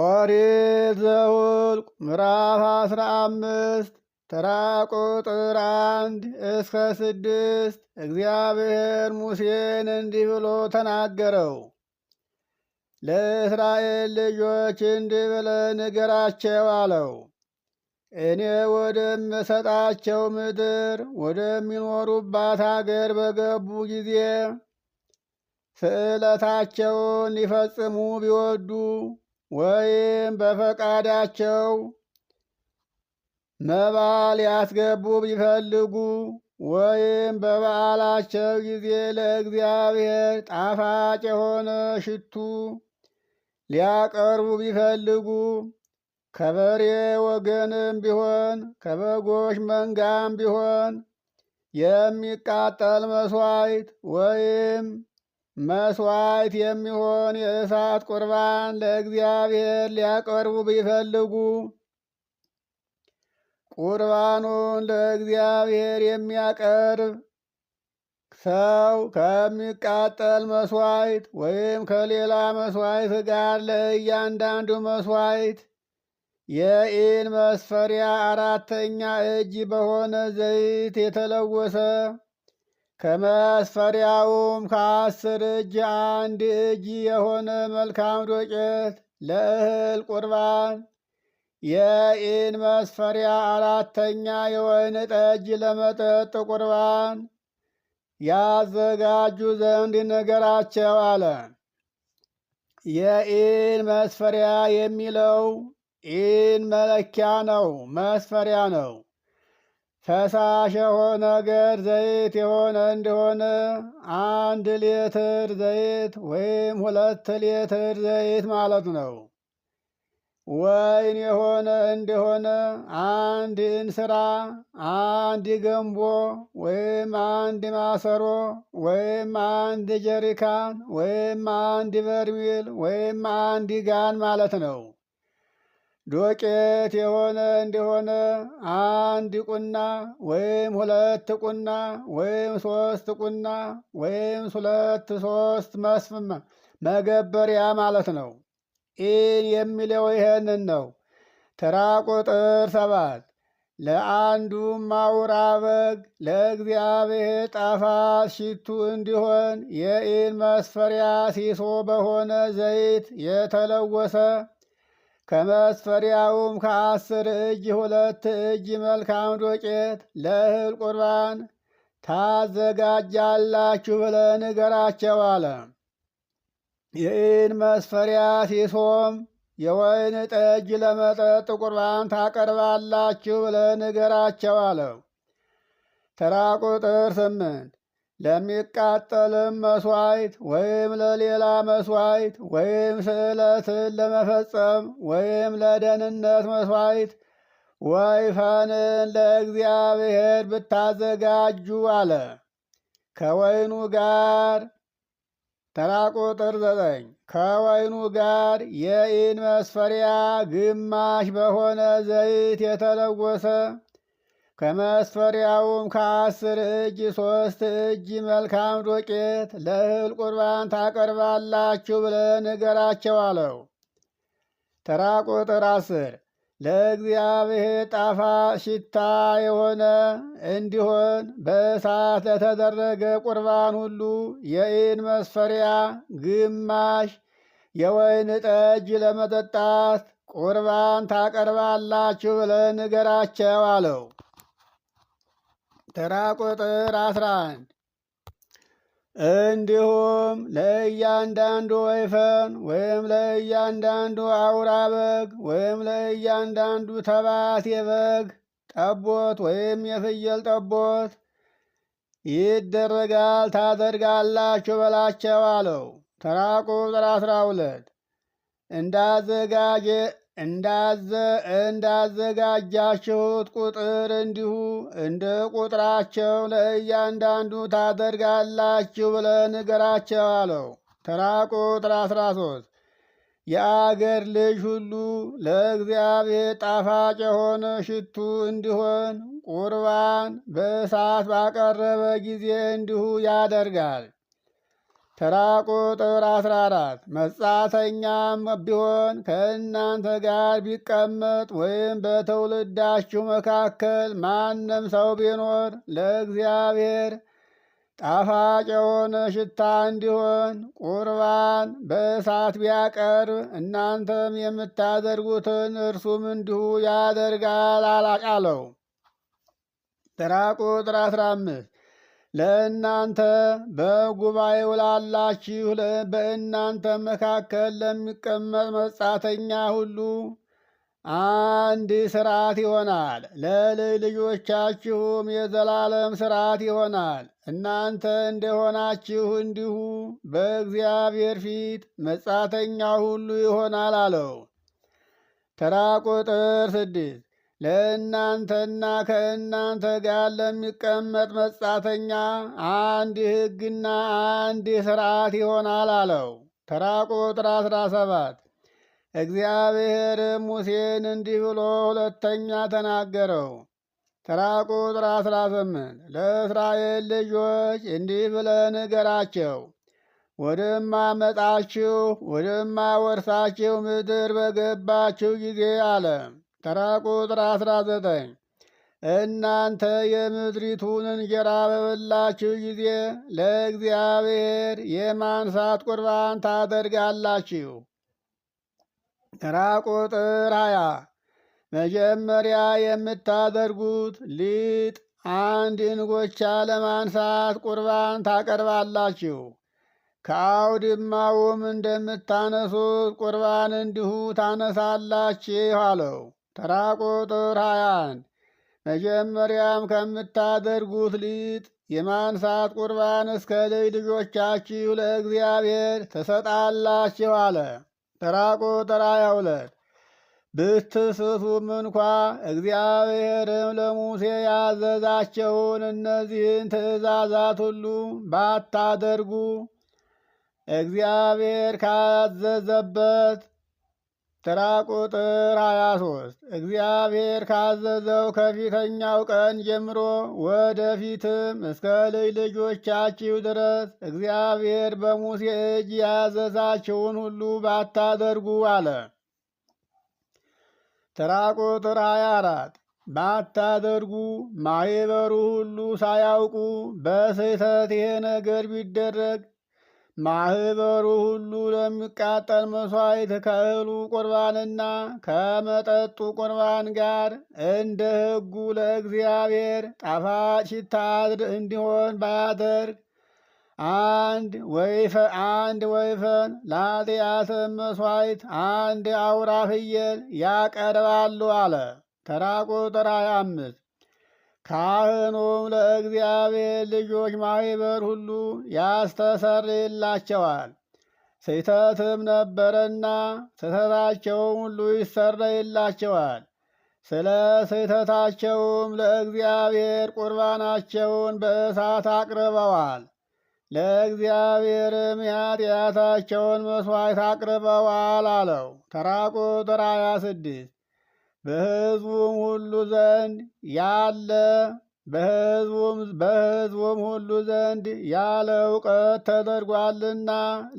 ኦሪት ዘኍልቍ ምዕራፍ አስራ አምስት ተራ ቁጥር አንድ እስከ ስድስት እግዚአብሔር ሙሴን እንዲህ ብሎ ተናገረው። ለእስራኤል ልጆች እንዲህ ብለ ንገራቸው አለው። እኔ ወደምሰጣቸው ምድር ወደሚኖሩባት አገር በገቡ ጊዜ ስዕለታቸውን ሊፈጽሙ ቢወዱ ወይም በፈቃዳቸው መባ ሊያስገቡ ቢፈልጉ ወይም በበዓላቸው ጊዜ ለእግዚአብሔር ጣፋጭ የሆነ ሽቱ ሊያቀርቡ ቢፈልጉ ከበሬ ወገንም ቢሆን ከበጎች መንጋም ቢሆን የሚቃጠል መስዋዕት ወይም መስዋዕት የሚሆን የእሳት ቁርባን ለእግዚአብሔር ሊያቀርቡ ቢፈልጉ ቁርባኑን ለእግዚአብሔር የሚያቀርብ ሰው ከሚቃጠል መስዋዕት ወይም ከሌላ መስዋዕት ጋር ለእያንዳንዱ መስዋዕት የኢን መስፈሪያ አራተኛ እጅ በሆነ ዘይት የተለወሰ ከመስፈሪያውም ከአስር እጅ አንድ እጅ የሆነ መልካም ዶቄት ለእህል ቁርባን የኢን መስፈሪያ አራተኛ የወይን ጠጅ ለመጠጥ ቁርባን ያዘጋጁ ዘንድ ነገራቸው አለ። የኢን መስፈሪያ የሚለው ኢን መለኪያ ነው፣ መስፈሪያ ነው። ፈሳሽ የሆነ ገር ዘይት የሆነ እንደሆነ አንድ ሌትር ዘይት ወይም ሁለት ሌትር ዘይት ማለት ነው። ወይን የሆነ እንደሆነ አንድ እንስራ፣ አንድ ገንቦ ወይም አንድ ማሰሮ ወይም አንድ ጀሪካን ወይም አንድ በርሜል ወይም አንድ ጋን ማለት ነው። ዱቄት የሆነ እንደሆነ አንድ ቁና ወይም ሁለት ቁና ወይም ሶስት ቁና ወይም ሁለት ሶስት መስፍ መገበሪያ ማለት ነው። ኢን የሚለው ይሄንን ነው። ተራ ቁጥር ሰባት ለአንዱም አውራ በግ ለእግዚአብሔር ጣፋት ሽቱ እንዲሆን የኢን መስፈሪያ ሲሶ በሆነ ዘይት የተለወሰ ከመስፈሪያውም ከአስር እጅ ሁለት እጅ መልካም ዶቄት ለእህል ቁርባን ታዘጋጃላችሁ ብለህ ንገራቸው አለ። ይህን መስፈሪያ ሲሶም የወይን ጠጅ ለመጠጥ ቁርባን ታቀርባላችሁ ብለህ ንገራቸው አለው። ተራ ቁጥር ስምንት ለሚቃጠልም መስዋዕት ወይም ለሌላ መስዋዕት ወይም ስዕለትን ለመፈጸም ወይም ለደህንነት መስዋዕት ወይፈንን ለእግዚአብሔር ብታዘጋጁ አለ። ከወይኑ ጋር ተራ ቁጥር ዘጠኝ ከወይኑ ጋር የኢን መስፈሪያ ግማሽ በሆነ ዘይት የተለወሰ ከመስፈሪያውም ከአስር እጅ ሶስት እጅ መልካም ዱቄት ለእህል ቁርባን ታቀርባላችሁ ብለህ ንገራቸው አለው። ተራ ቁጥር አስር ለእግዚአብሔር ጣፋጭ ሽታ የሆነ እንዲሆን በእሳት ለተደረገ ቁርባን ሁሉ የኢን መስፈሪያ ግማሽ የወይን ጠጅ ለመጠጣት ቁርባን ታቀርባላችሁ ብለህ ንገራቸው አለው። ተራ ቁጥር 11 እንዲሁም ለእያንዳንዱ ወይፈን ወይም ለእያንዳንዱ አውራ በግ ወይም ለእያንዳንዱ ተባት የበግ ጠቦት ወይም የፍየል ጠቦት ይደረጋል ታደርጋላችሁ በላቸው አለው። ተራ ቁጥር አስራ ሁለት እንዳዘጋጃችሁት ቁጥር እንዲሁ እንደ ቁጥራቸው ለእያንዳንዱ ታደርጋላችሁ ብለ ንገራቸው አለው። ተራ ቁጥር 13 የአገር ልጅ ሁሉ ለእግዚአብሔር ጣፋጭ የሆነ ሽቱ እንዲሆን ቁርባን በእሳት ባቀረበ ጊዜ እንዲሁ ያደርጋል። ተራ ቁጥር አስራ አራት መጻተኛም ቢሆን ከእናንተ ጋር ቢቀመጥ ወይም በትውልዳችሁ መካከል ማንም ሰው ቢኖር ለእግዚአብሔር ጣፋጭ የሆነ ሽታ እንዲሆን ቁርባን በእሳት ቢያቀርብ እናንተም የምታደርጉትን እርሱም እንዲሁ ያደርጋል አላቃለው። ተራ ቁጥር አስራ አምስት ለእናንተ በጉባኤው ላላችሁ በእናንተ መካከል ለሚቀመጥ መጻተኛ ሁሉ አንድ ስርዓት ይሆናል። ለልጅ ልጆቻችሁም የዘላለም ስርዓት ይሆናል። እናንተ እንደሆናችሁ እንዲሁ በእግዚአብሔር ፊት መጻተኛ ሁሉ ይሆናል አለው። ተራ ቁጥር ስድስት ለእናንተና ከእናንተ ጋር ለሚቀመጥ መጻተኛ አንድ ሕግና አንድ ሥርዓት ይሆናል አለው። ተራ ቁጥር አስራ ሰባት እግዚአብሔርም ሙሴን እንዲህ ብሎ ሁለተኛ ተናገረው። ተራ ቁጥር አስራ ስምንት ለእስራኤል ልጆች እንዲህ ብለ ንገራቸው ወደማ ወርሳችሁ ምድር በገባችሁ ጊዜ አለም ተራ ቁጥር አስራ ዘጠኝ እናንተ የምድሪቱን እንጀራ በበላችሁ ጊዜ ለእግዚአብሔር የማንሳት ቁርባን ታደርጋላችሁ። ተራ ቁጥር ሀያ መጀመሪያ የምታደርጉት ሊጥ አንድ እንጎቻ ለማንሳት ቁርባን ታቀርባላችሁ። ከአውድማውም እንደምታነሱት ቁርባን እንዲሁ ታነሳላችሁ አለው። ተራ ቁጥር መጀመሪያም ከምታደርጉት ሊጥ የማንሳት ቁርባን እስከ ልጅ ልጆቻችሁ ለእግዚአብሔር ትሰጣላችሁ አለ። ተራ ቁጥር ሁለት ብትስቱም እንኳ እግዚአብሔርም ለሙሴ ያዘዛቸውን እነዚህን ትእዛዛት ሁሉ ባታደርጉ እግዚአብሔር ካዘዘበት ተራ ቁጥር 23 እግዚአብሔር ካዘዘው ከፊተኛው ቀን ጀምሮ ወደፊትም እስከ ልጅ ልጆቻችሁ ድረስ እግዚአብሔር በሙሴ እጅ ያዘዛችውን ሁሉ ባታደርጉ አለ። ተራ ቁጥር 24 ባታደርጉ ማኅበሩ ሁሉ ሳያውቁ በስህተት ይሄ ነገር ቢደረግ ማህበሩ ሁሉ ለሚቃጠል መስዋዕት ከእህሉ ቁርባንና ከመጠጡ ቁርባን ጋር እንደ ሕጉ ለእግዚአብሔር ጣፋጭ ሽታ እንዲሆን ባያደርግ አንድ ወይፈን አንድ ወይፈን ለኃጢአት መሥዋዕት አንድ አውራ ፍየል ያቀርባሉ አለ። ተራ ቁጥር 25 ካህኑም ለእግዚአብሔር ልጆች ማኅበር ሁሉ ያስተሰርይላቸዋል። ስህተትም ነበረና ስህተታቸውም ሁሉ ይሰረይላቸዋል። ስለ ስህተታቸውም ለእግዚአብሔር ቁርባናቸውን በእሳት አቅርበዋል። ለእግዚአብሔርም የኃጢአታቸውን መሥዋዕት አቅርበዋል አለው። ተራ ቁጥር 26 በህዝቡም ሁሉ ዘንድ ያለ በህዝቡም ሁሉ ዘንድ ያለ እውቀት ተደርጓልና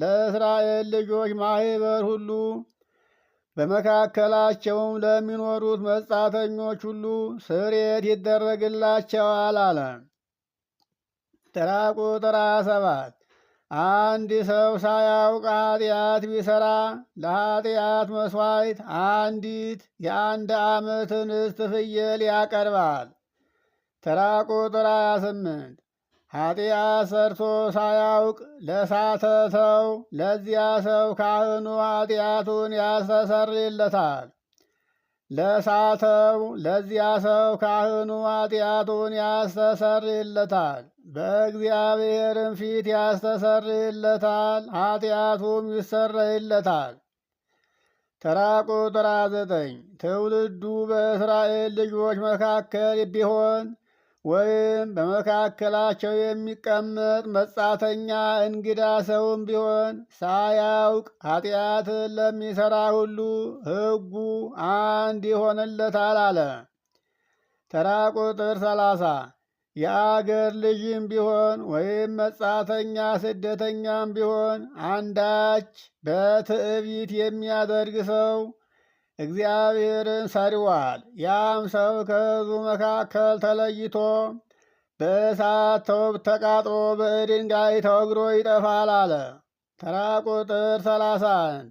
ለእስራኤል ልጆች ማህበር ሁሉ በመካከላቸውም ለሚኖሩት መጻተኞች ሁሉ ስርየት ይደረግላቸዋል አለ። ተራ ቁጥር ሰባት አንድ ሰው ሳያውቅ ኃጢአት ቢሰራ ለኃጢአት መስዋዕት አንዲት የአንድ ዓመት እንስት ፍየል ያቀርባል። ተራ ቁጥር 28 ኃጢአት ሰርቶ ሳያውቅ ለሳተተው ለዚያ ሰው ካህኑ ኃጢአቱን ያስተሰርይለታል። ለሳተው ለዚያ ሰው ካህኑ ኃጢአቱን ያስተሰርይለታል፣ በእግዚአብሔርም ፊት ያስተሰርይለታል፣ ኃጢአቱም ይሰረይለታል። ተራ ቁጥር ዘጠኝ ትውልዱ በእስራኤል ልጆች መካከል ቢሆን ወይም በመካከላቸው የሚቀመጥ መጻተኛ እንግዳ ሰውም ቢሆን ሳያውቅ ኃጢአትን ለሚሠራ ሁሉ ሕጉ አንድ ይሆንለታል አለ። ተራ ቁጥር ሰላሳ የአገር ልጅም ቢሆን ወይም መጻተኛ ስደተኛም ቢሆን አንዳች በትዕቢት የሚያደርግ ሰው እግዚአብሔርን ሰሪዋል ያም ሰው ከሕዝቡ መካከል ተለይቶ በእሳት ተውብ ተቃጥሎ በድንጋይ ተወግሮ ይጠፋል አለ። ተራ ቁጥር ሰላሳ አንድ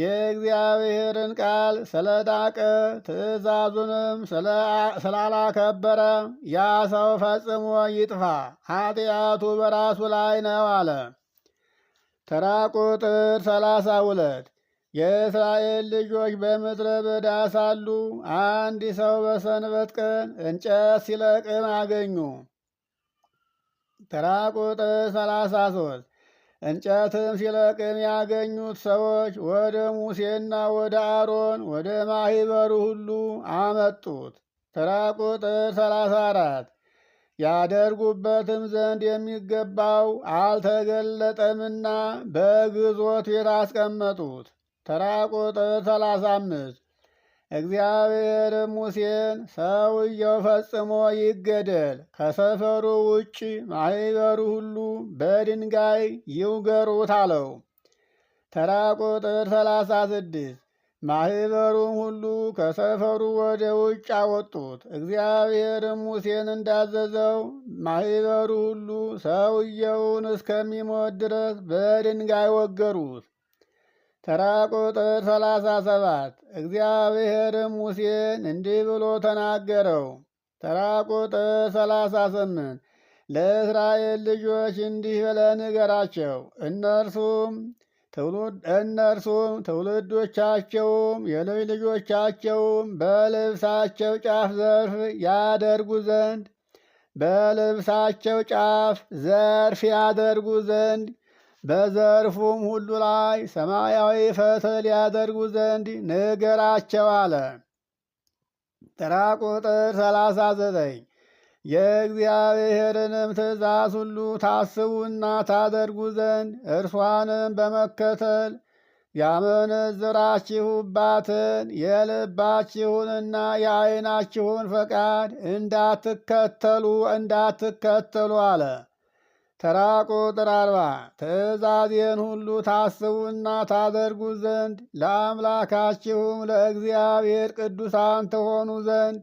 የእግዚአብሔርን ቃል ስለናቀ ትእዛዙንም ስላላከበረ ያ ሰው ፈጽሞ ይጥፋ፣ ኃጢአቱ በራሱ ላይ ነው አለ። ተራ ቁጥር 32። ሁለት የእስራኤል ልጆች በምድረ በዳ ሳሉ አንድ ሰው በሰንበት ቀን እንጨት ሲለቅም አገኙ። ተራ ቁጥር 33 እንጨትም ሲለቅም ያገኙት ሰዎች ወደ ሙሴና ወደ አሮን ወደ ማህበሩ ሁሉ አመጡት። ተራ ቁጥር 34 ያደርጉበትም ዘንድ የሚገባው አልተገለጠምና በግዞት ቤት አስቀመጡት። ተራ ቁጥር ሰላሳ አምስት እግዚአብሔር ሙሴን ሰውየው ፈጽሞ ይገደል፣ ከሰፈሩ ውጭ ማኅበሩ ሁሉ በድንጋይ ይውገሩት አለው። ተራ ቁጥር ሰላሳ ስድስት ማኅበሩም ሁሉ ከሰፈሩ ወደ ውጭ አወጡት። እግዚአብሔርም ሙሴን እንዳዘዘው ማኅበሩ ሁሉ ሰውየውን እስከሚሞት ድረስ በድንጋይ ወገሩት። ተራ ቁጥር ሰላሳ ሰባት እግዚአብሔርም ሙሴን እንዲህ ብሎ ተናገረው። ተራ ቁጥር ሰላሳ ስምንት ለእስራኤል ልጆች እንዲህ ብለህ ንገራቸው እነርሱም እነርሱም ትውልዶቻቸውም የልጅ ልጆቻቸውም በልብሳቸው ጫፍ ዘርፍ ያደርጉ ዘንድ በልብሳቸው ጫፍ ዘርፍ ያደርጉ ዘንድ በዘርፉም ሁሉ ላይ ሰማያዊ ፈትል ያደርጉ ዘንድ ንገራቸው አለ። ተራ ቁጥር ሰላሳ ዘጠኝ የእግዚአብሔርንም ትእዛዝ ሁሉ ታስቡና ታደርጉ ዘንድ እርሷንም በመከተል ያመነዝራችሁባትን የልባችሁንና የዓይናችሁን ፈቃድ እንዳትከተሉ እንዳትከተሉ አለ። ተራ ቁጥር አርባ ትእዛዜን ሁሉ ታስቡና ታደርጉ ዘንድ ለአምላካችሁም ለእግዚአብሔር ቅዱሳን ትሆኑ ዘንድ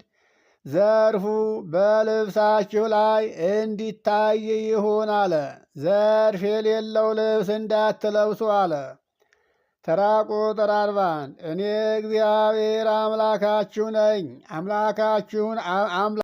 ዘርፉ በልብሳችሁ ላይ እንዲታይ ይሁን አለ። ዘርፍ የሌለው ልብስ እንዳትለብሱ አለ። ተራ ቁጥር አርባን እኔ እግዚአብሔር አምላካችሁ ነኝ አምላካችሁን